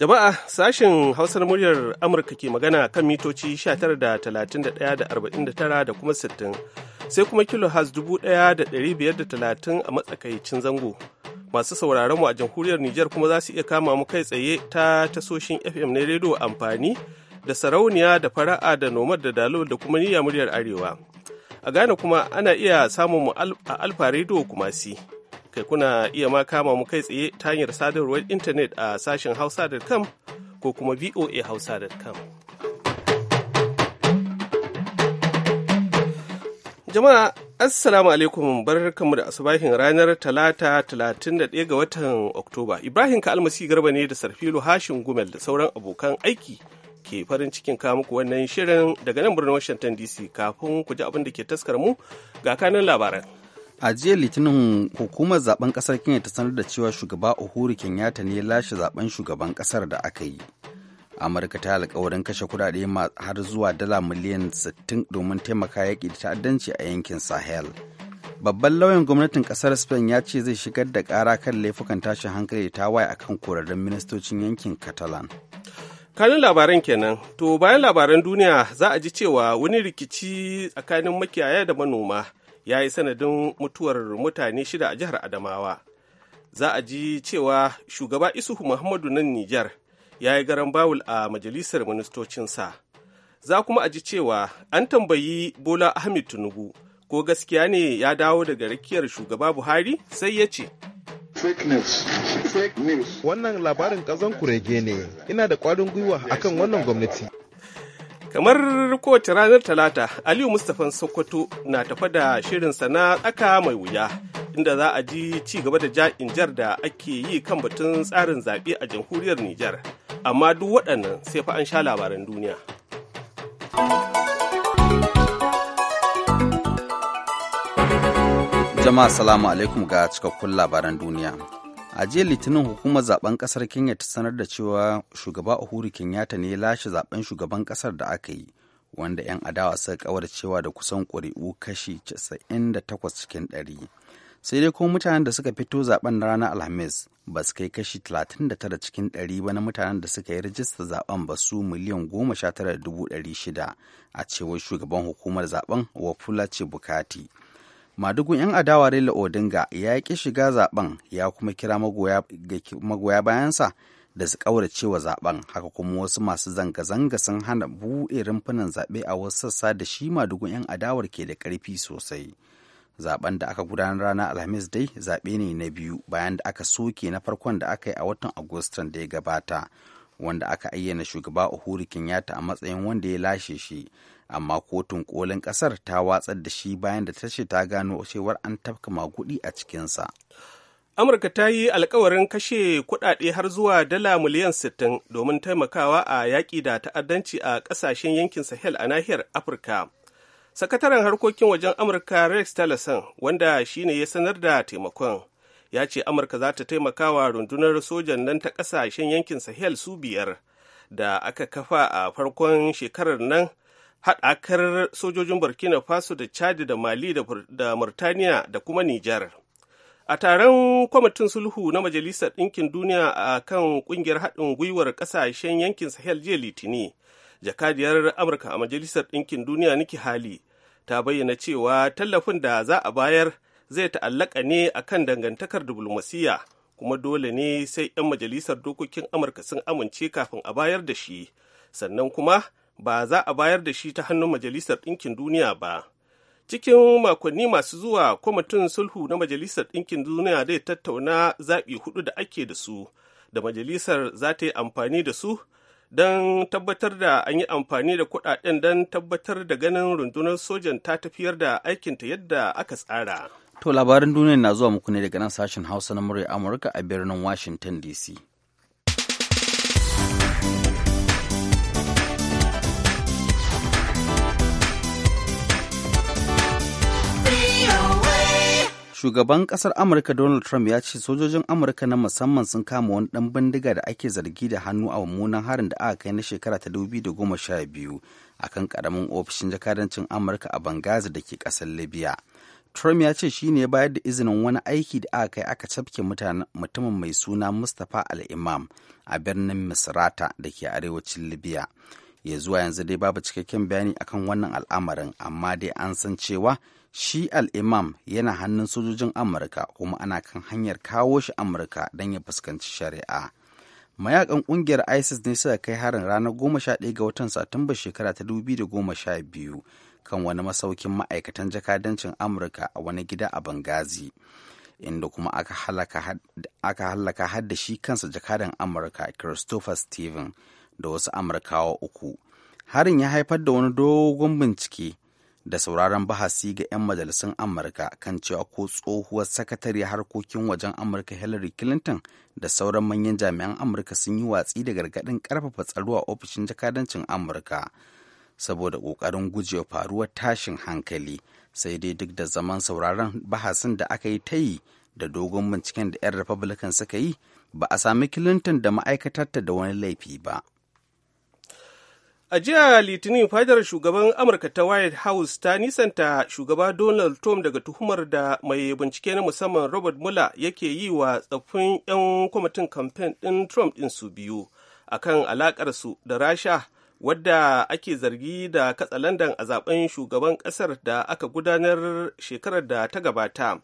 Jama'a sashen Hausar muryar Amurka ke magana kan mitoci 19 da kuma 60 sai kuma kilo has 1530 a matsakaicin zango. Masu sauraron mu a jamhuriyar Nijar kuma za su iya kama mu kai tsaye ta tasoshin FM na rediyo amfani da sarauniya da fara'a da nomad da dalo da kuma niyya muryar Arewa. A Ghana kuma ana iya samun mu a Alfa Radio Kumasi. kai kuna iya ma kama mu kai tsaye ta hanyar sadarwar intanet a sashen hausa.com ko kuma voa voahausa.com. Jama'a Assalamu alaikum barkanmu da asubahin ranar Talata 31 ga watan Oktoba. Ibrahim ka almasi Garba ne da Sarfilo Hashin Gumel da sauran abokan aiki ke farin cikin kawo muku wannan shirin daga nan birnin Washington DC kafin ku ji abin da ke taskar mu ga kanin labaran. a jiya litinin hukumar zaben kasar kenya ta sanar da cewa shugaba uhuru kenyatta ne lashe zaben shugaban kasar da aka yi amurka ta alkawarin kashe kudade har zuwa dala miliyan 60 domin taimaka yaƙi da ta'addanci a yankin sahel babban lauyan gwamnatin kasar spain ya ce zai shigar da ƙara kan laifukan tashin hankali ta tawaye akan korarrun ministocin yankin catalan kanin labaran kenan to bayan labaran duniya za a ji cewa wani rikici tsakanin makiyaya da manoma ya yi sanadin mutuwar mutane shida a jihar adamawa za a ji cewa shugaba isuhu muhammadu nan nijar ya yi garan bawul a majalisar ministocinsa za kuma a ji cewa an tambayi bola ahmed tinubu ko gaskiya ne ya dawo daga rakiyar shugaba buhari sai ya ce Wannan labarin ƙazon kurege ne, ina da ƙwarin gwiwa akan wannan gwamnati kamar kowace ranar talata aliyu mustapha sokoto na tafa da shirin sana tsaka mai wuya inda za a ji ci gaba da ja'in jar da ake yi kan batun tsarin zaɓe a jamhuriyar nijar amma duk waɗannan sai fa an sha labaran duniya jama'a salamu alaikum ga cikakkun labaran duniya a jiya litinin hukumar zaben kasar kenya ta sanar da cewa shugaba uhuru kenyatta ne lashe zaben shugaban kasar da aka yi wanda 'yan adawa suka kawar cewa da kusan ƙuri'u kashi 98 cikin 100 sai dai kuma mutanen da suka fito zaben na ranar alhamis ba su kai kashi 39 cikin 100 ba na mutanen da suka yi rajista zaben ba su miliyan 19,600 a cewar shugaban hukumar zaben wafula ce bukati madugun 'yan adawa Raila Odinga ya ƙi shiga zaben ya kuma kira magoya bayansa da su ƙaurace wa zaben haka kuma wasu masu zanga-zanga sun hana buɗe rumfunan zaɓe a wasu sassa da shi madugun 'yan adawar ke da ƙarfi sosai zaben da aka gudanar ranar alhamis dai zaɓe ne na biyu bayan da aka soke na farkon da aka yi a watan agustan da ya gabata wanda aka ayyana shugaba uhuru kenyatta a matsayin wanda ya lashe shi amma kotun kolin kasar ta watsar da shi bayan da ta ce ta gano cewar an tafka magudi a cikinsa amurka ta yi alkawarin kashe kudade har zuwa dala miliyan 60 domin taimakawa a yaƙi da ta'addanci a ƙasashen yankin sahel a nahiyar afirka sakataren harkokin wajen amurka rex tillerson wanda shine ya sanar da taimakon ya ce amurka za ta taimaka wa rundunar sojan nan ta ƙasashen yankin sahel su biyar da aka kafa a farkon shekarar nan haɗakar sojojin burkina faso da chad da mali da murtaniya da kuma nijar a taron kwamitin sulhu na majalisar ɗinkin duniya a kan ƙungiyar haɗin gwiwar ƙasashen yankin sahel jiya litini jakadiyar amurka a majalisar ɗinkin duniya niki hali ta bayyana cewa tallafin da za a bayar zai ta'allaka ne akan dangantakar diflomasiyya kuma dole ne sai 'yan majalisar dokokin amurka sun amince kafin a bayar da shi sannan kuma ba za a bayar da shi ta hannun majalisar ɗinkin duniya ba cikin makonni masu zuwa kwamitin sulhu na majalisar ɗinkin duniya zai tattauna zaɓi hudu da ake da su da majalisar za ta yi amfani da su don tabbatar da an yi amfani da kuɗaɗen don tabbatar da ganin rundunar sojan ta tafiyar da aikinta yadda aka tsara to labarin duniya na zuwa muku ne daga nan sashen hausa na murya amurka a birnin washington dc shugaban kasar amurka donald trump ya ce sojojin amurka na musamman sun kama wani dan bindiga da ake zargi da hannu a mummunan harin da aka kai na shekara ta 2012 akan karamin ofishin jakadancin amurka a bangazi da ke kasar libya trump ya ce shine ya bayar da izinin wani aiki da aka kai aka cafke mutumin mai suna mustapha al-imam a birnin misrata da ke arewacin libya ya zuwa yanzu dai babu cikakken bayani akan wannan al'amarin amma dai an san cewa shi al'imam yana hannun sojojin amurka kuma ana kan hanyar kawo shi amurka don ya fuskanci shari'a mayakan ƙungiyar isis ne suka kai harin ranar 11 ga watan satumba shekara ta 2012 kan wani masaukin ma'aikatan jakadancin amurka a wani gida a bangazi inda kuma aka hallaka har da shi kansa jakadan amurka christopher steven da wasu amurkawa uku harin ya haifar da wani dogon bincike da sauraron bahasi ga 'yan majalisun amurka kan cewa ko tsohuwar sakatare harkokin wajen amurka hillary clinton da sauran manyan jami'an amurka sun yi watsi da gargadin karfafa tsaro a ofishin jakadancin amurka saboda kokarin gujewa faruwar tashin hankali sai dai duk da zaman sauraron bahasin da aka yi ta yi da dogon binciken da 'yan republican suka yi ba a sami clinton da ma'aikatarta da wani laifi ba A jiya Litinin fadar shugaban Amurka ta White House ta nisanta shugaba Donald Trump daga tuhumar da mai bincike na musamman Robert Mueller yake yi wa tsaffin 'yan kwamitin kamfen ɗin Trump ɗin su biyu akan alaƙarsu da Rasha wadda ake zargi da katsalandan a zaben shugaban ƙasar da aka gudanar shekarar da ta gabata.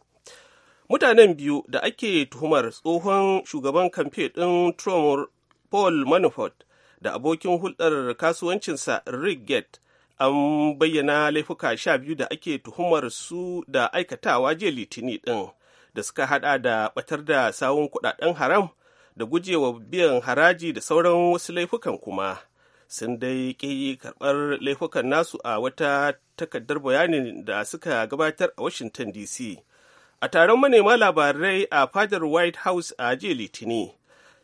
Mutanen biyu da ake tuhumar tsohon shugaban kamfe ɗin Trump Paul Manafort da abokin hulɗar kasuwancinsa Rick Gate an bayyana laifuka sha biyu da ake tuhumar su da aikatawa jiya litini ɗin da suka haɗa da ɓatar da sawun kuɗaɗen haram da gujewa biyan haraji da sauran wasu laifukan kuma sun dai ƙi karɓar laifukan nasu a wata takardar bayanin da suka gabatar a washington dc a taron manema labarai a fadar white house a jiya litini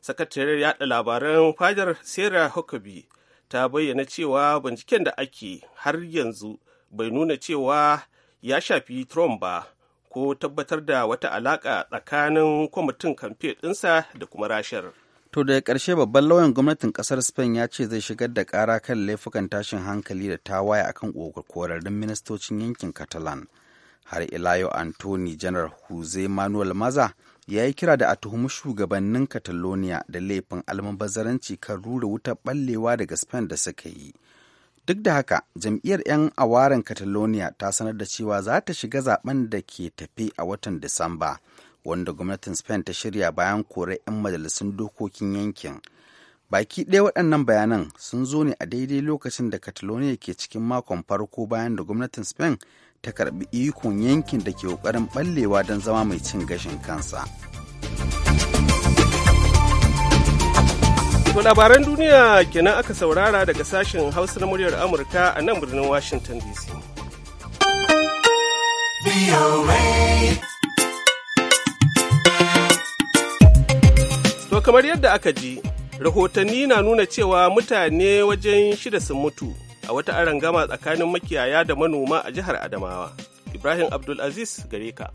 sakatariyar yaɗa labaran fadar sarah huckabee ta bayyana cewa binciken da ake har yanzu bai nuna cewa ya shafi trump ba ko tabbatar da wata alaka tsakanin kwamitin kamfe ɗinsa da kuma rashar to daga karshe babban lauyan gwamnatin ƙasar spain ya ce zai shigar da ƙara kan laifukan tashin hankali da tawaye akan korarrun ministocin yankin catalan har ila yau antoni janar jose manuel maza ya yi kira da a tuhumi shugabannin catalonia da laifin almabazaranci kan rura wutar ɓallewa daga spain da suka yi duk da haka jam'iyyar 'yan awaren catalonia ta sanar da cewa za ta shiga zaben da ke tafe a watan disamba wanda gwamnatin spain ta shirya bayan kore 'yan majalisun dokokin yankin baki ɗaya waɗannan bayanan sun zo ne a daidai lokacin da catalonia ke cikin makon farko bayan da gwamnatin spain ta karbi ikon yankin da ke ƙoƙarin ɓallewa don zama mai cin gashin kansa. To labaran duniya kenan aka saurara daga sashen Hausa na muryar Amurka a nan birnin Washington DC. To kamar yadda aka ji, rahotanni na nuna cewa mutane wajen shida sun mutu a wata arangama tsakanin makiyaya da manoma a jihar Adamawa. Ibrahim Abdulaziz gare ka.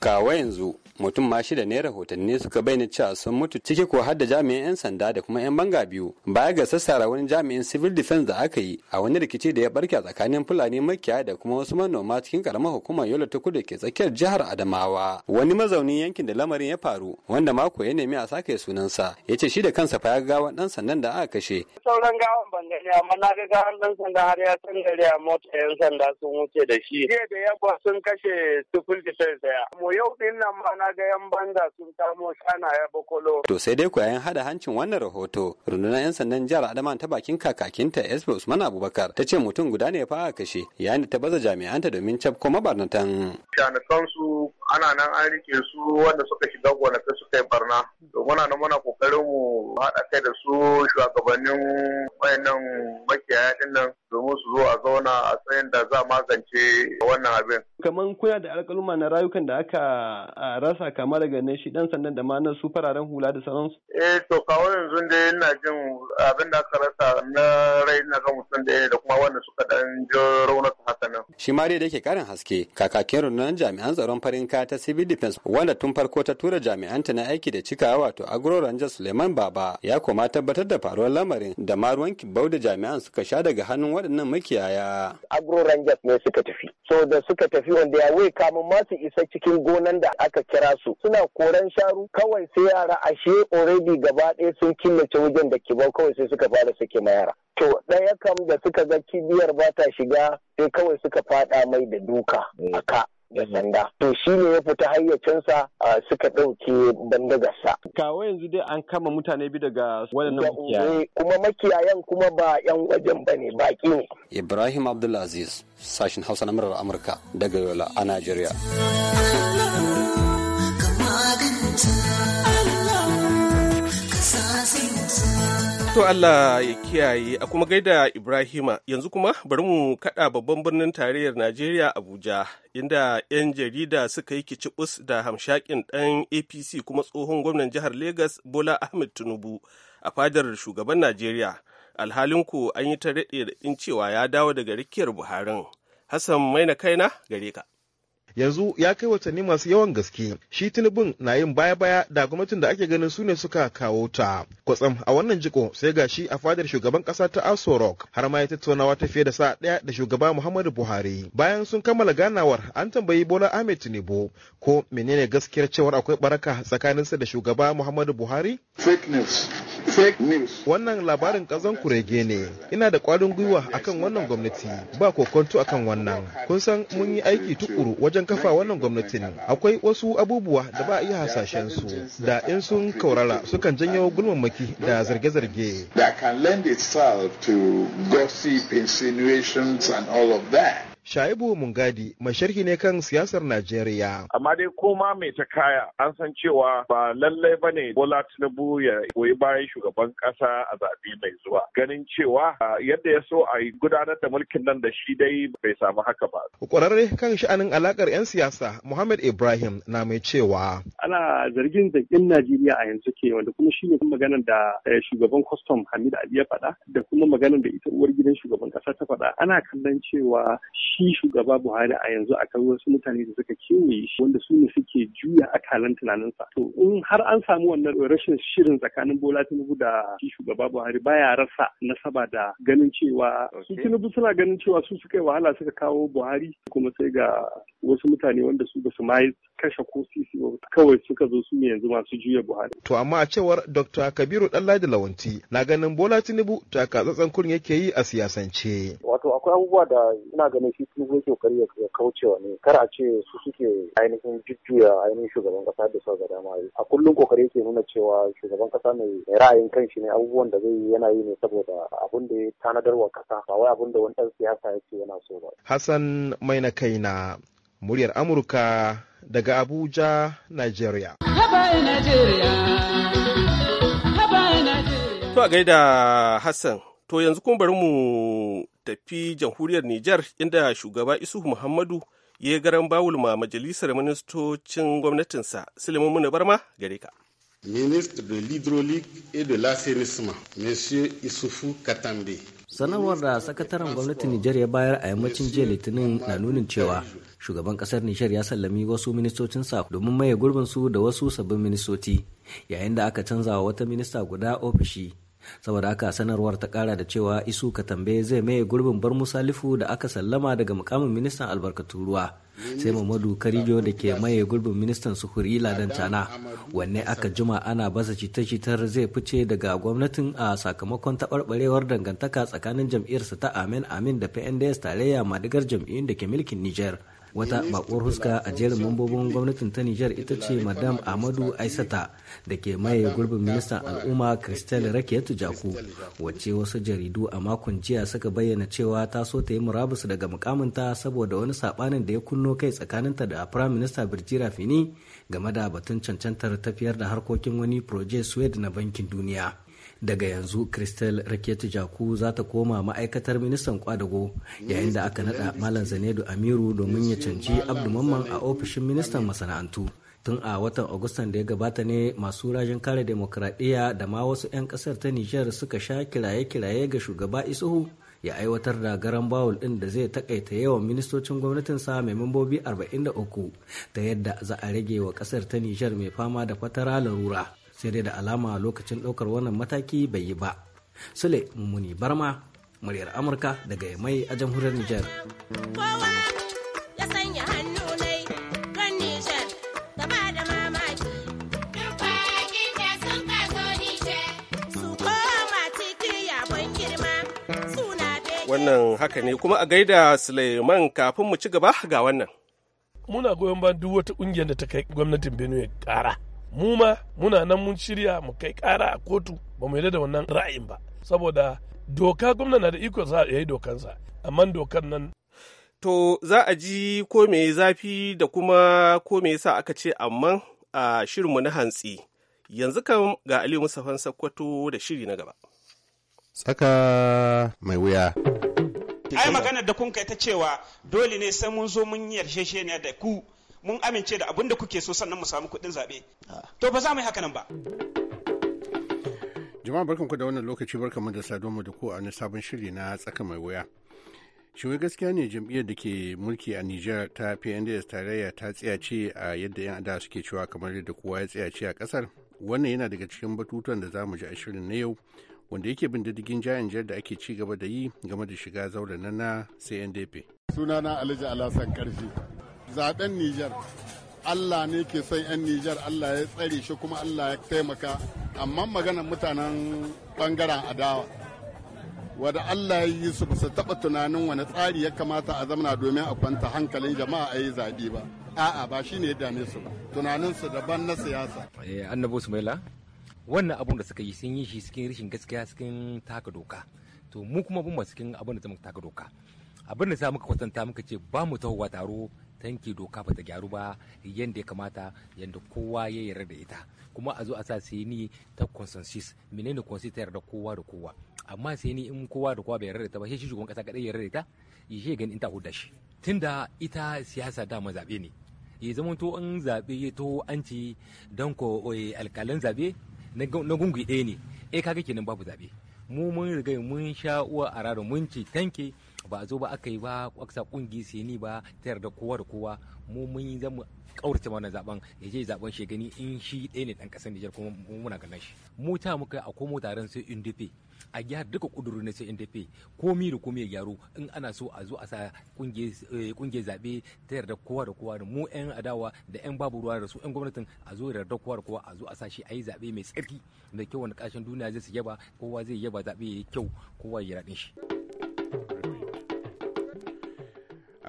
kawa yanzu mutum ma shida ne rahotanni suka bayyana cewa sun mutu ciki ko har da jami'an 'yan sanda da kuma 'yan banga biyu baya ga sassara wani jami'in civil defense da aka yi a wani rikici da ya barke a tsakanin fulani makiyaya da kuma wasu manoma cikin karamar hukumar yola ta kudu ke tsakiyar jihar adamawa wani mazaunin yankin da lamarin ya faru wanda mako ya nemi a sake sunansa ya ce shi da kansa fa ya ga gawan dan sandan da aka kashe. sauran gawan ban gani amma na ga gawan dan sanda har ya san gari a mota 'yan sanda sun wuce da shi. jiya da yabba sun kashe civil defense daya. yau din nan ma na ga yan banga sun kamo shanaye bakolo. To sai dai yayin hada hancin wannan rahoto rundunar 'yan sandan jihar Adama ta bakin kakakinta espo Usman Abubakar ta ce mutum guda ne ya fara kashe yayin da ta baza jami'anta domin cafko mabarnatan. Shanukan su ana nan an rike su wanda suka shiga gonakai suka yi barna. To muna nan muna kokarin mu haɗa kai da su shugabannin wayannan makiyaya din nan domin su zo a zauna a yadda za magance wannan abin. Kamar kuna da alƙaluma na rayukan da aka rasa kama daga na shi ɗan sandan da ma na su fararen hula da sauransu. Eh to kawo yanzu dai ina jin abin da aka rasa na rai na kan mutum da da kuma wanda suka dan ji raunuka haka nan. Shi ma dai da yake karin haske kakakin rundunar jami'an tsaron farin kaya ta civil defense wanda tun farko ta tura jami'anta na aiki da cikawa wato agro ranger Suleiman Baba ya koma tabbatar da faruwar lamarin da ma ruwan kibau da jami'an suka sha daga hannun waɗannan makiyaya. Ebro Rangers ne suka tafi. So da suka tafi wanda ya wai kamun masu isa cikin gonan da aka kira su. Suna koran sharu kawai sai yara ashe already gaba ɗaya sun killace wajen da kibau kawai sai suka fara suke ma yara. To ɗaya kam da suka ga kibiyar ba ta shiga sai kawai suka fada mai da duka a ka. da sanda to shi ne ya fita hayyacinsa suka ɗauke bandagarsa. kawo yanzu dai an kama mutane bi daga waɗannan makiyaya kuma makiyayan kuma ba yan wajen ba ne baƙi ne. ibrahim abdulaziz sashin hausa na murar amurka daga yola a najeriya. To Allah ya kiyaye a kuma gaida Ibrahima yanzu kuma bari mu kada babban birnin tarayyar Najeriya Abuja inda 'yan jarida suka yi kicibus da hamshakin ɗan APC kuma tsohon gwamnan jihar Legas Bola Ahmed Tinubu a fadar shugaban Najeriya alhalin ku an yi ta daɗe da cewa ya dawo daga rikiyar Buharin. Hassan maina kaina gare ka. yanzu ya kai watanni masu yawan gaske shi tinubun na yin baya-baya da gwamnatin da ake ganin su ne suka kawo ta kwatsam a wannan jiko sai ga shi a fadar shugaban kasa ta aso rock har ma ya tattaunawa ta fiye da sa ɗaya da shugaba muhammadu buhari bayan sun kammala ganawar an tambayi bola ahmed tinubu ko menene gaskiyar cewar akwai baraka sa da shugaba muhammadu buhari wannan labarin kazan kurege ne ina da kwarin gwiwa akan wannan gwamnati ba kokonto akan wannan kun san mun yi aiki tukuru wajen wajen kafa wannan gwamnatin akwai wasu abubuwa da ba a iya hasashen su da in sun kaurara sukan janyo gulmamaki da zarge-zarge. That can lend itself to gossip, insinuations and all that. Shaibu Mungadi mai sharhi ne kan siyasar Najeriya. Amma dai koma mai ta kaya an san cewa ba lallai ba ne Bola Tinubu ya koyi bayan shugaban ƙasa a zaɓe mai zuwa. Ganin cewa yadda ya so a gudanar da mulkin nan da shi dai bai samu haka ba. Kwararre kan sha'anin alakar 'yan siyasa Muhammad Ibrahim na mai cewa. Ana zargin zargin Najeriya a yanzu ke wanda kuma shi ne maganar da eh, shugaban kwastam Hamid Ali ya faɗa da kuma maganar da ita uwar gidan shugaban ƙasa ta faɗa. Ana kallon cewa shi shi shugaba Buhari a yanzu a kan wasu mutane da suka kewaye shi wanda su ne suke juya akalan tunaninsa. To in har an samu wannan rashin shirin tsakanin Bola Tinubu da shi shugaba Buhari baya rasa nasaba da ganin cewa su Tinubu suna ganin cewa su suka yi wahala suka kawo Buhari kuma sai ga wasu mutane wanda su ba su ma kashe ko sisi ba kawai suka zo su ne yanzu masu juya Buhari. To amma a cewar Dr. Kabiru da Lawanci, na ganin Bola Tinubu taka kurin yake yi a siyasance. Wato akwai abubuwa da ina ganin shi tunubu ke kokari ya kaucewa ne kar a ce su suke ainihin jujjuya ainihin shugaban kasa da sau gada ma. a kullum kokari yake nuna cewa shugaban kasa mai ra'ayin shi ne abubuwan da zai yi yana yi ne saboda abun da ya tanadar wa kasa ba wai abun da wani dan siyasa yake yana so ba Hassan mai na kai na muryar Amurka daga Abuja, Nigeria. To a gaida Hassan, to yanzu kun bari mu tafi jamhuriyar Nijar inda shugaba Isuhu Muhammadu ya yi garan bawul ma majalisar ministocin gwamnatinsa. Suleiman Muna Barma gare ka. Ministre de l'Hydraulique et de l'Assainissement, M. Isufu Katambe. Sanarwar da sakataren gwamnatin Nijar ya bayar a yammacin jiya Litinin na nunin cewa shugaban kasar Nijar ya sallami wasu ministocinsa domin maye gurbinsu da wasu sabbin ministoci, yayin da aka canza wa wata minista guda ofishi saboda aka sanarwar ta kara da cewa isu ka tambayi zai maye gurbin bar musalifu da aka sallama daga mukamin ministan albarkatun ruwa sai mamadu karijo da ke maye gurbin ministan sufuri ladan tana wanne aka jima ana basa cita-citar zai fice daga gwamnatin a sakamakon taɓarɓarewar dangantaka tsakanin jam'iyyarsa ta amin amin da pnds tarayya madigar jam'iyyun da ke mulkin niger wata bakuwar huska a jerin mambobin gwamnatin ta nijar ita ce madam ahmadu aisata da ke maye gurbin ministan al'umma christelle rakiyatu jaku wacce wasu jaridu a makon jiya suka bayyana cewa ta so ta yi murabus daga mukaminta saboda wani sabanin da ya kunno kai tsakaninta da prime minister birjira fini game da batun cancantar tafiyar da harkokin wani proje suwed na bankin duniya daga yanzu kristal raketu jaku za ta koma ma'aikatar ministan kwadago yayin da aka nada malam zanedo amiru domin ya canji abdu mamman a ofishin ministan masana'antu tun a watan agustan da ya gabata ne masu rajin kare demokradiyya da ma wasu 'yan kasar ta nijar suka sha kiraye-kiraye ga shugaba isuhu ya aiwatar da garan bawul ɗin da zai takaita yawan ministocin gwamnatinsa mai membobi 43 ta yadda za a rage wa kasar ta nijar mai fama da fatara larura sai dai da alama lokacin ɗaukar wannan mataki bai yi ba sule mummuni barma muryar amurka daga mai a jamhuriyar niger wannan haka ne kuma a gaida suleiman kafin mu ci gaba ga wannan muna goyon ba duk wata ƙungiyar da ta kai gwamnatin benue ƙara mu ma muna nan mun shirya mu kai kara a kotu ba mu yarda da wannan ra'ayin ba saboda doka gwamna na da iko za ya yi dokansa amma dokan nan to za a ji ko me zafi da kuma ko me yasa aka ce amma a shirinmu na hantsi yanzu kan ga ali musafan sakkwato da shiri na gaba tsaka mai wuya ai maganar da kun kai ta cewa dole ne sai mun zo mun yarshe da ku mun amince da abin da kuke so sannan mu samu kuɗin zaɓe ah. to ba za mu yi haka nan ba jama'a barkan ku da wannan lokaci mu da saduwa da ku a wani sabon shiri na tsaka mai wuya shi gaskiya ne jam'iyyar da ke mulki a nijar ta pnds tarayya ta tsayace a yadda 'yan adawa suke cewa kamar yadda kowa ya tsayace a kasar wannan yana daga cikin batutuwan da za mu ji a shirin na yau wanda yake bin diddigin jayan jar da ake ci gaba da yi game da shiga zauren na na cndp sunana alija alhassan karfi zaben Nijar Allah ne ke son 'yan Nijar Allah ya tsare shi kuma Allah ya taimaka amma maganar mutanen bangaren adawa wadda Allah ya yi su ba su taɓa tunanin wani tsari ya kamata a zamana domin a kwanta hankalin jama'a a yi zaɓe ba a'a ba shi ne ya dame su ba tunanin su daban na siyasa eh, annabi sumaila wannan abun da suka yi sun yi shi cikin rashin gaskiya cikin taka doka to mu kuma bin cikin abun da muka taka doka abin da sa muka kwatanta muka ce ba mu tahowa taro tanki doka bata ta gyaru ba yadda ya kamata yadda kowa ya yarda da ita kuma a zo a sa ni ta consensus menene consensus ta yarda kowa da kowa amma sai ni in kowa da kowa bai yarda da ita ba shi shugaban kasa kadai yarda da ita ya shi gani in ta huda shi tunda ita siyasa dama zabe ne ya zama to in zabe ya to an ci don ko eh, alkalan zabe na gungu ɗaya ne eh kaga kenan babu zabe mu mun riga mun sha uwa a mun ci tanki. ba a zo ba aka yi ba kwaksa kungi sini ba ta yarda kowa da kowa mu mun yi zamu kaurace mana zaben ya je zaben shi gani in shi ɗaya ne dan kasar Nijar kuma muna kallon shi mu ta muka a komo taron sai dafe a gyara duka ƙudurin na sai NDP komi da komi ya gyaru in ana so a zo a sa eh, ƙungiyar zaɓe ta yarda kowa da kowa da mu yan adawa da yan babu ruwa da su yan gwamnatin a zo yarda kowa da kowa a zo a sa shi a yi zaɓe mai tsarki da kyau wanda kashin duniya zai su yaba kowa zai yaba zaɓe ya kyau kowa ya raɗin shi.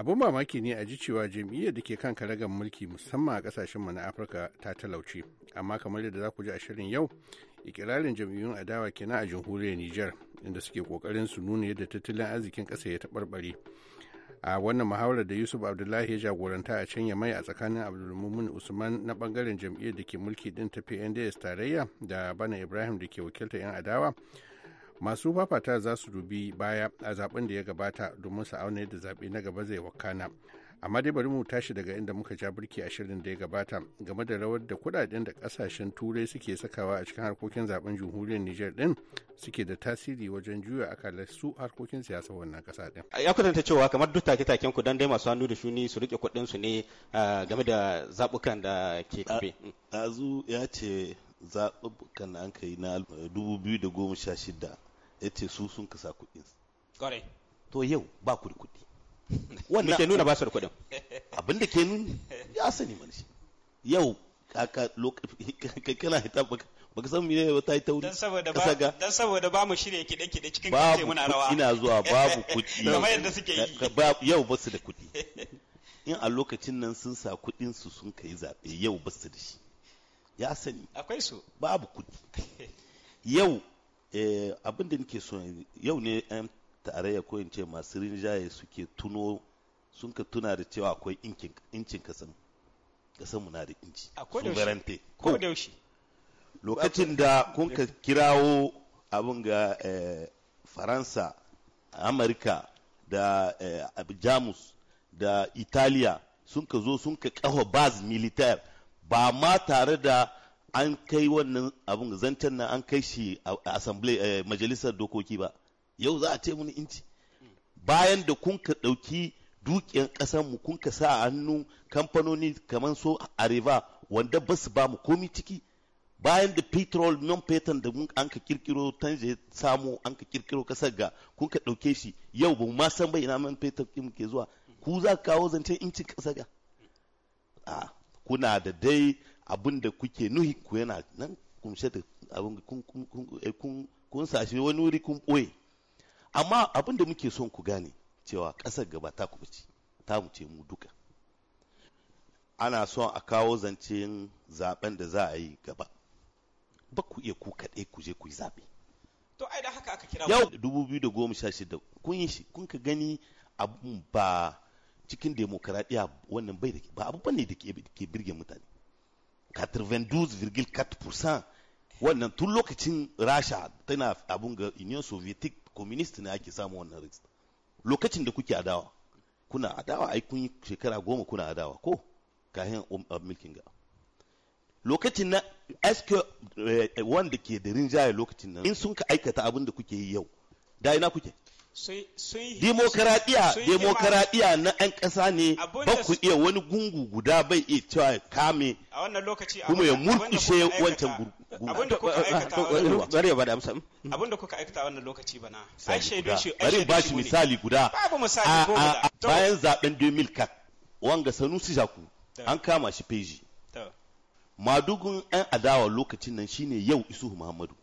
abun mamaki ne a ji cewa jam'iyyar da ke kan karagar mulki musamman a kasashen na afirka ta talauci amma kamar yadda za ku ji a shirin yau ikirarin jam'iyyun adawa ke kenan a jamhuriyar niger inda suke kokarin su nuna yadda tattalin arzikin ƙasa ya taɓarɓare a wannan muhawarar da yusuf abdullahi ya jagoranta a canya mai a tsakanin abdulmumin usman na bangaren jam'iyyar da ke mulki din ta pnds tarayya da bana ibrahim da ke wakiltar 'yan adawa masu fafata za su dubi baya a zaben da ya gabata domin su auna yadda zaɓe na gaba zai wakana amma dai bari mu tashi daga inda muka ja birki a shirin da ya gabata game da rawar da kuɗaɗen da kasashen turai suke sakawa a cikin harkokin zaben jamhuriyar niger din suke da tasiri wajen juya akalar su harkokin siyasa wannan kasa din ya kwatanta cewa kamar duk take taken ku dan dai masu hannu da shuni su rike kuɗin su ne game da zabukan da ke kafe azu ya ce zabukan da an kai na 2016 eh, ya ce su sun kasa kuɗin kwarai to yau ba ku kuɗi wannan ke nuna ba su da kuɗin abin da ke nuna ya sani mana shi yau kaka kana hita baka san mene ne ta yi tauri dan saboda ba dan saboda ba mu shirye kide kide cikin kace muna rawa ina zuwa babu kuɗi kamar yadda suke yi yau ba su da kuɗi in a lokacin nan sun sa kuɗin su sun kai zaɓe yau ba su da shi ya sani akwai su babu kuɗi yau Eh, abin da nake so yau ne yan tarayya ko in ce masu rinjaye suke tuno sun ka tuna da cewa akwai incin kasan kasan na da inci sun garante ko yaushe lokacin da kun ka kirawo abin ga eh, faransa amurka da eh, jamus da italiya sun ka zo sun ka kawo baz militar ba ma tare da an kai wannan abin zancen nan an kai shi a assembly eh, majalisar dokoki ba yau za a ce muni inci bayan da kun ka ɗauki dukiyar kasar mu kun ka sa hannu kamfanoni kamar so areva wanda ba su ba mu komi ciki bayan da petrol non petan da an ka kirkiro tanje samu an ka kirkiro kasar ga kun ka ɗauke shi yau ba mu ma san bai ina man petrol din ke zuwa ku za ka kawo zancen incin kasar ga kuna da dai abin da kuke nuhi ku yana nan kumshe da abin kun eh, sashi wani wuri kun ɓoye amma abin da muke son ku gane cewa ƙasar gaba ta ku ce ta mu ce mu duka ana son a kawo zancen zaben da za a yi gaba ba ku iya ku kaɗai ku je ku yi zaɓe to ai da haka aka kira yau shida kun yi shi kun ka gani abin ba cikin demokaradiyya wannan bai da ba abu ne da ke birge mutane 92,4% wannan tun lokacin rasha tana abun ga union soviet communist ne ake samu wannan risk lokacin da kuke adawa kuna adawa ai kun yi shekara goma kuna adawa ko kahin milkin um, uh, ga lokacin na SQ eh, wanda ke da rinjaye lokacin nan in sun ka aikata abin da kuke yi yau da ina kuke Demokaradiyya, demokaradiyya na 'yan ƙasa ne ba ku iya wani gungu guda bai iya cewa kame kuma ya murkushe wancan gungu. Bari hmm. da kuka aikata a wannan lokaci bana. na. Bari ba shi misali guda. Babu misali ko guda. Bayan zaben 2004 wanga Sanusi Jaku an kama shi feji. Madugun 'yan adawa lokacin nan shine yau Isuhu Muhammadu.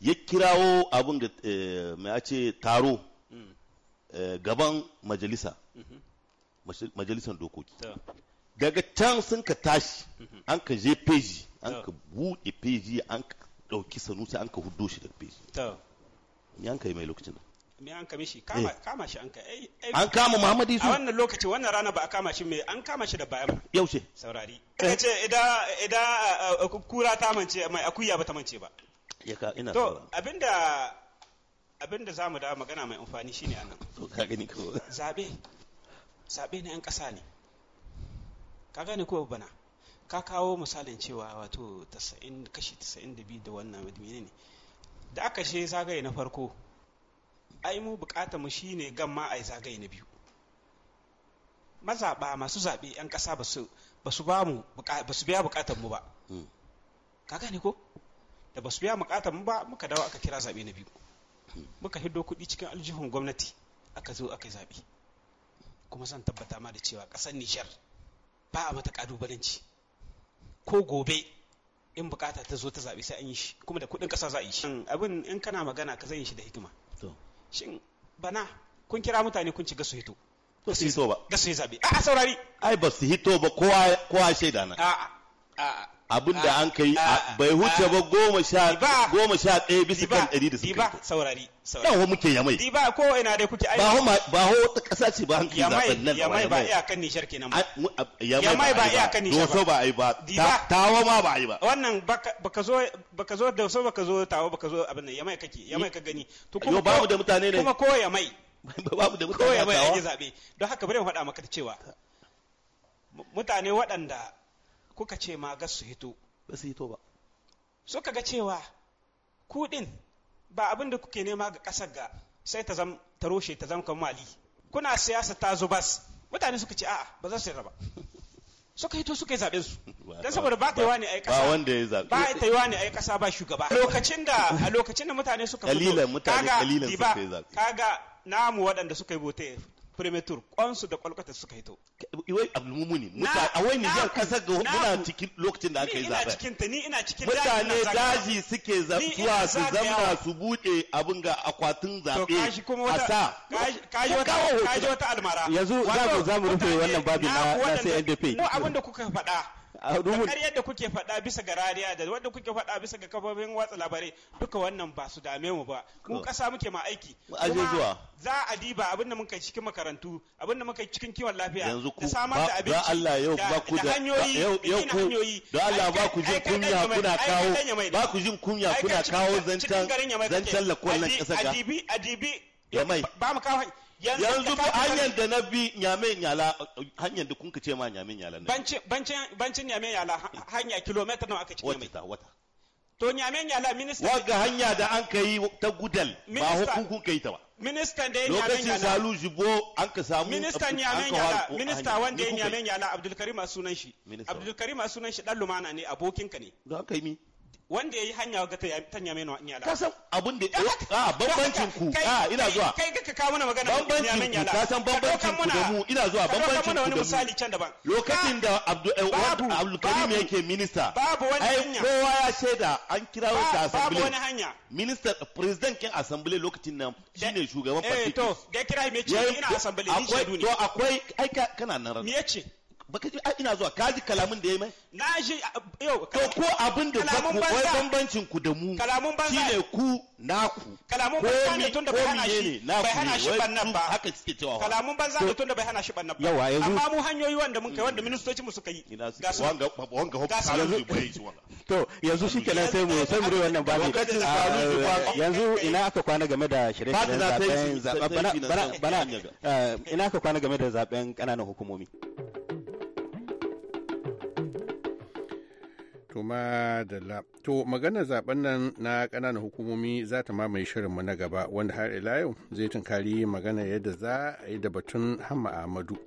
Ya kirawo abin da eh, mai ce taro Eh, gaban majalisa mhm. majalisar dokoki daga can sun ka tashi mhm. an ka je peji an ka buɗe peji an ka ɗauki sanusi an ka hudo shi daga peji ni an ka yi mai lokacin me an kama shi eh. kama shi an ka an kama Muhammad Isu a wannan lokaci wannan rana ba a kama shi me an kama shi da bayan yaushe saurari kace eh. ce ida ida kura ta mance mai akuya ba ta mance ba ya ka ina to abinda abin da za mu da magana mai amfani shine anan to ka gani ko na yan ƙasa ne ka gane ko bana ka kawo misalin cewa wato kashi 92 da wannan menene ne da aka shi zagaye na farko ai mu bukata mu shine gamma ai zagaye na biyu mazaɓa masu zaɓe 'yan ƙasa ba su biya bukatar mu ba hmm. ka gane ko da ba su biya bukatar mu ba muka dawo aka kira zaɓe na biyu muka hiddo kuɗi cikin aljihun gwamnati aka zo aka zaɓi kuma zan tabbata ma da cewa ƙasar nijar ba a mata ƙalubalenci ko gobe in bukata ta zo ta zaɓi sai an yi shi kuma da kuɗin ƙasa za a yi shi abin in kana magana ka zan yi shi da hikima shin bana kun kira mutane kun ci gasu hito ba su hito ba gasu yi zaɓe a saurari ai ba su hito ba kowa kowa shaida na a'a a'a abin da ah, an kai ah, bai huce ba ah. goma sha goma sha ɗaya bisa kan ɗari da suka yi saurari saurari yawa muke yamai ba ko ina dai kuke ai ba ho ba ho wata ƙasa ce ba hankali zaben nan yamai ba iya kan nishar kenan ba yamai ba iya kan nishar ba doso ba ai ba tawo ma ba ai ba wannan baka zo baka zo doso baka zo tawo baka zo abin nan yamai kake yamai ka gani to kuma ba da mutane ne kuma ko yamai babu da mutane ne ko yamai ake zabe don haka bari mu faɗa maka cewa mutane waɗanda kuka ce ma gas su hito ba su hito ba suka ga cewa kuɗin ba abin da kuke nema ga ƙasar ga sai ta zam ta roshe ta zam kamar mali kuna siyasa ta zo bas mutane suka ce a'a ba za su yi ba suka hito suka yi zaɓe su don saboda ba ta yi wani a yi ƙasa ba wanda ya zaɓe ba ta yi wani a yi ƙasa ba shugaba lokacin da a lokacin da mutane suka fito kaga namu waɗanda suka yi bote premature kwansu da kwalkwata suka hito wai abulmumuni a wai zan kasar ga muna cikin lokacin da aka yi zaɓe ina cikin ta ni ina cikin mutane daji suke zuwa su zama su buɗe abin ga akwatin zaɓe a sa kaji wata wata almara yanzu za mu rufe wannan babin na sai NDP abin da kuka faɗa kamar yadda kuke faɗa bisa ga rariya da wanda kuke faɗa bisa ga kafofin watsa labarai duka wannan ba su dame mu ba mu ƙasa muke ma aiki kuma za a diba abin da muka cikin makarantu abin da muka cikin kiwon lafiya da samar da abinci Allah yau ba ku da yau ku da Allah ba ku jin kunya kuna kawo ba ku jin kunya kuna kawo zancan zancan lakon nan ƙasa ga adibi adibi ba mu kawo yanzu ba hanyar da na bi nyame nyala hanyar da kunka ce ma nyame nyala ne bancin bancin nyame nyala hanya kilomita nawa aka ce mai wata wata to nyame nyala minista waga hanya da an kai ta gudal ba hukunkun kun kai ta ba ministan da ya nyame nyala lokacin salu jibo an ka samu ministan nyame nyala minista wanda ya nyame nyala abdulkarim sunan shi abdulkarim sunan shi dan lumana ne abokinka ne don kai mi wanda yi hanya ga ta tanya mai nawa inyala kasan abun da eh, a bambancin ku a ah, ina zuwa kai ka kawo mana magana bambancin ku kasan bambancin ku da mu ina zuwa bambancin ku da wani misali can daban lokacin da eh, Abdul Karim yake minista babu wani hanya kowa ya shaida an kira wata assembly babu wani hanya minista president kin assembly lokacin nan shine shugaban eh, party to da kira mai ce ina assembly ni shaidu ne to akwai ai kana nan me yace baka ji ina zuwa ka ji kalamin da ya mai na shi yau to ko abin da ba ku wai bambancin ku da mu kalamun banza shine ku naku kalamun banza ne tunda bai hana shi bai hana shi bannan ba haka suke cewa kalamun banza ne tunda bai hana shi bannan ba yawa yanzu amma mu hanyoyi wanda mun kai wanda ministoci mu suka yi ga su wanga wanga hukuma yanzu bai ji wanga to yanzu shikenan sai mu sai mu rai wannan ba ah, eh, yanzu ina aka kwana game da shirye-shiryen zaben bana bana ina aka kwana game da zaben kananan hukumomi To madalla. To maganar zaben nan na ƙananan hukumomi za ta mamaye mu na gaba wanda har ila yau zai tunkari magana yadda za a yi da batun Hamma Ahmadu.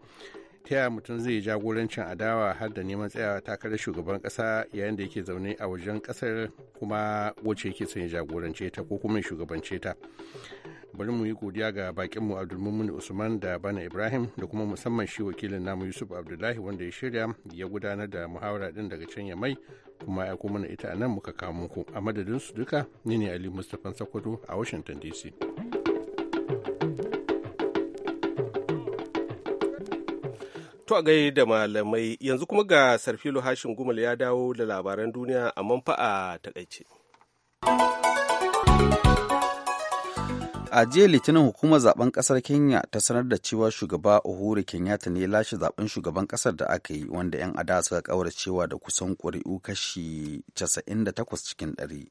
Ta yaya mutum zai jagorancin adawa har da neman tsayawa takarar shugaban ƙasa yayin da yake zaune a wajen ƙasar kuma wacce yake son ya jagorance ta ko kuma shugabance ta. bari mu yi godiya ga bakinmu abdulmumin usman da bana ibrahim da kuma musamman shi wakilin namu yusuf abdullahi wanda ya shirya ya gudanar da muhawara din daga can ya mai kuma ya kuma na ita anan muka kawo muku a madadin su duka ni ne ali mustapha sakwado a washington dc To a gaida malamai yanzu kuma ga Sarfilo Hashin Gumal ya dawo da labaran duniya a manfa'a takaice. a jiya litinin hukumar zaben kasar kenya ta sanar da cewa shugaba uhuru kenyatta ne lashe zaben shugaban kasar da aka yi wanda 'yan ada suka kawar cewa da kusan kuri'u kashi 98 cikin 100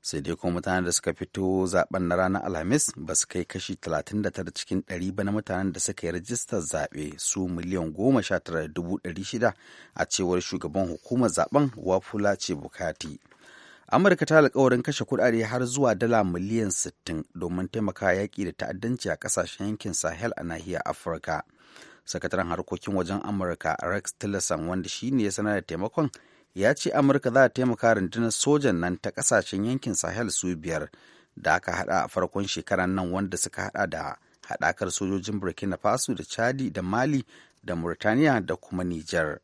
sai dai kuma mutanen da suka fito zaben na ranar alhamis ba su kai kashi 39 cikin 100 ba na mutanen da suka yi rajistar zaɓe su miliyan 19,600 a cewar shugaban hukumar zaben wafula ce bukati. amurka ta alkawarin kashe kudade har zuwa dala miliyan 60 domin taimaka yaƙi da ta'addanci a ƙasashen yankin sahel a nahiyar afirka sakataren harkokin wajen amurka rex tillerson wanda shi ne ya sanar da taimakon ya ce amurka za ta taimaka rundunar sojan nan ta ƙasashen yankin sahel su biyar da aka haɗa a farkon shekarar nan wanda suka haɗa da haɗakar sojojin burkina faso da chadi da mali da murtaniya da kuma niger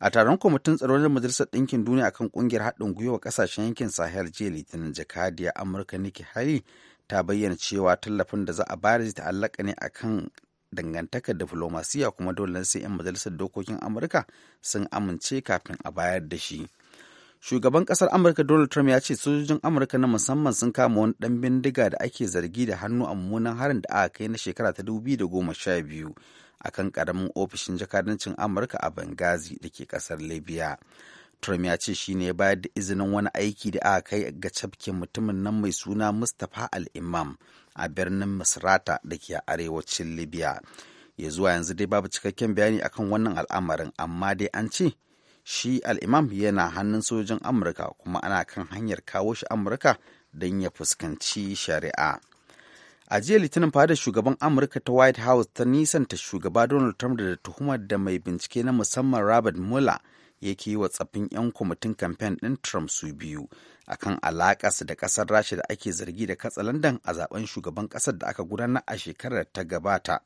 a taron kwamitin tsaro na majalisar ɗinkin duniya akan ƙungiyar haɗin gwiwa ƙasashen yankin sahel jiya litinin jakadiyar amurka niki hali ta bayyana cewa tallafin da za a bayar zai ta'allaka ne akan dangantakar diflomasiya kuma dole sai 'yan majalisar dokokin amurka sun amince kafin a bayar da shi shugaban kasar amurka donald trump ya ce sojojin amurka na musamman sun kama wani dan bindiga da ake zargi da hannu a mummunan harin da aka kai na shekara ta 2012 a kan karamin ofishin jakadancin amurka a bengazi da ke kasar libya trump ya ce shine ya bayar da izinin wani aiki da aka kai ga cafke mutumin nan mai suna mustapha al-imam a birnin misrata da ke arewacin libya ya zuwa yanzu dai babu cikakken bayani akan wannan al'amarin amma dai an ce shi al'imam yana hannun sojin amurka kuma ana kan hanyar kawo shi amurka don ya fuskanci shari'a a jiya litinin fadar shugaban amurka ta white house ta nisanta shugaba donald trump da tuhumar da mai bincike na musamman robert mueller yake yi wa tsaffin 'yan kwamitin kamfen ɗin trump su biyu akan alaƙarsa da ƙasar rasha da ake zargi da katsalandan a zaben shugaban ƙasar da aka gudanar a shekarar ta gabata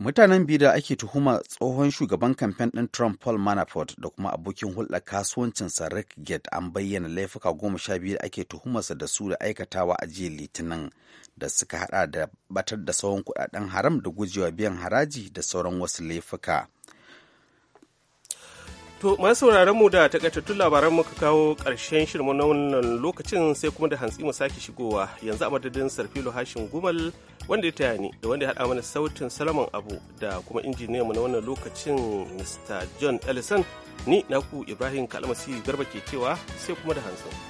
mutanen biyu da ake tuhuma tsohon shugaban kamfen ɗin trump paul manafort da kuma abokin hulɗa kasuwancin rick gate an bayyana laifuka goma sha biyu da ake tuhumarsa da su da aikatawa a jiya litinin da suka hada da batar da tsawon kuɗaɗen haram da gujewa biyan haraji da sauran wasu laifuka To masu sauraron mu da takaitattun labaran muka kawo ƙarshen shirmu na wannan lokacin sai kuma da hantsi mu sake shigowa yanzu a madadin Sarfilo Hashin Gumal wanda ya taya ni da wanda ya haɗa mana sautin Salaman Abu da kuma injiniya mu na wannan lokacin Mr. John Ellison ni naku Ibrahim Kalmasi Garba ke cewa sai kuma da hantsi.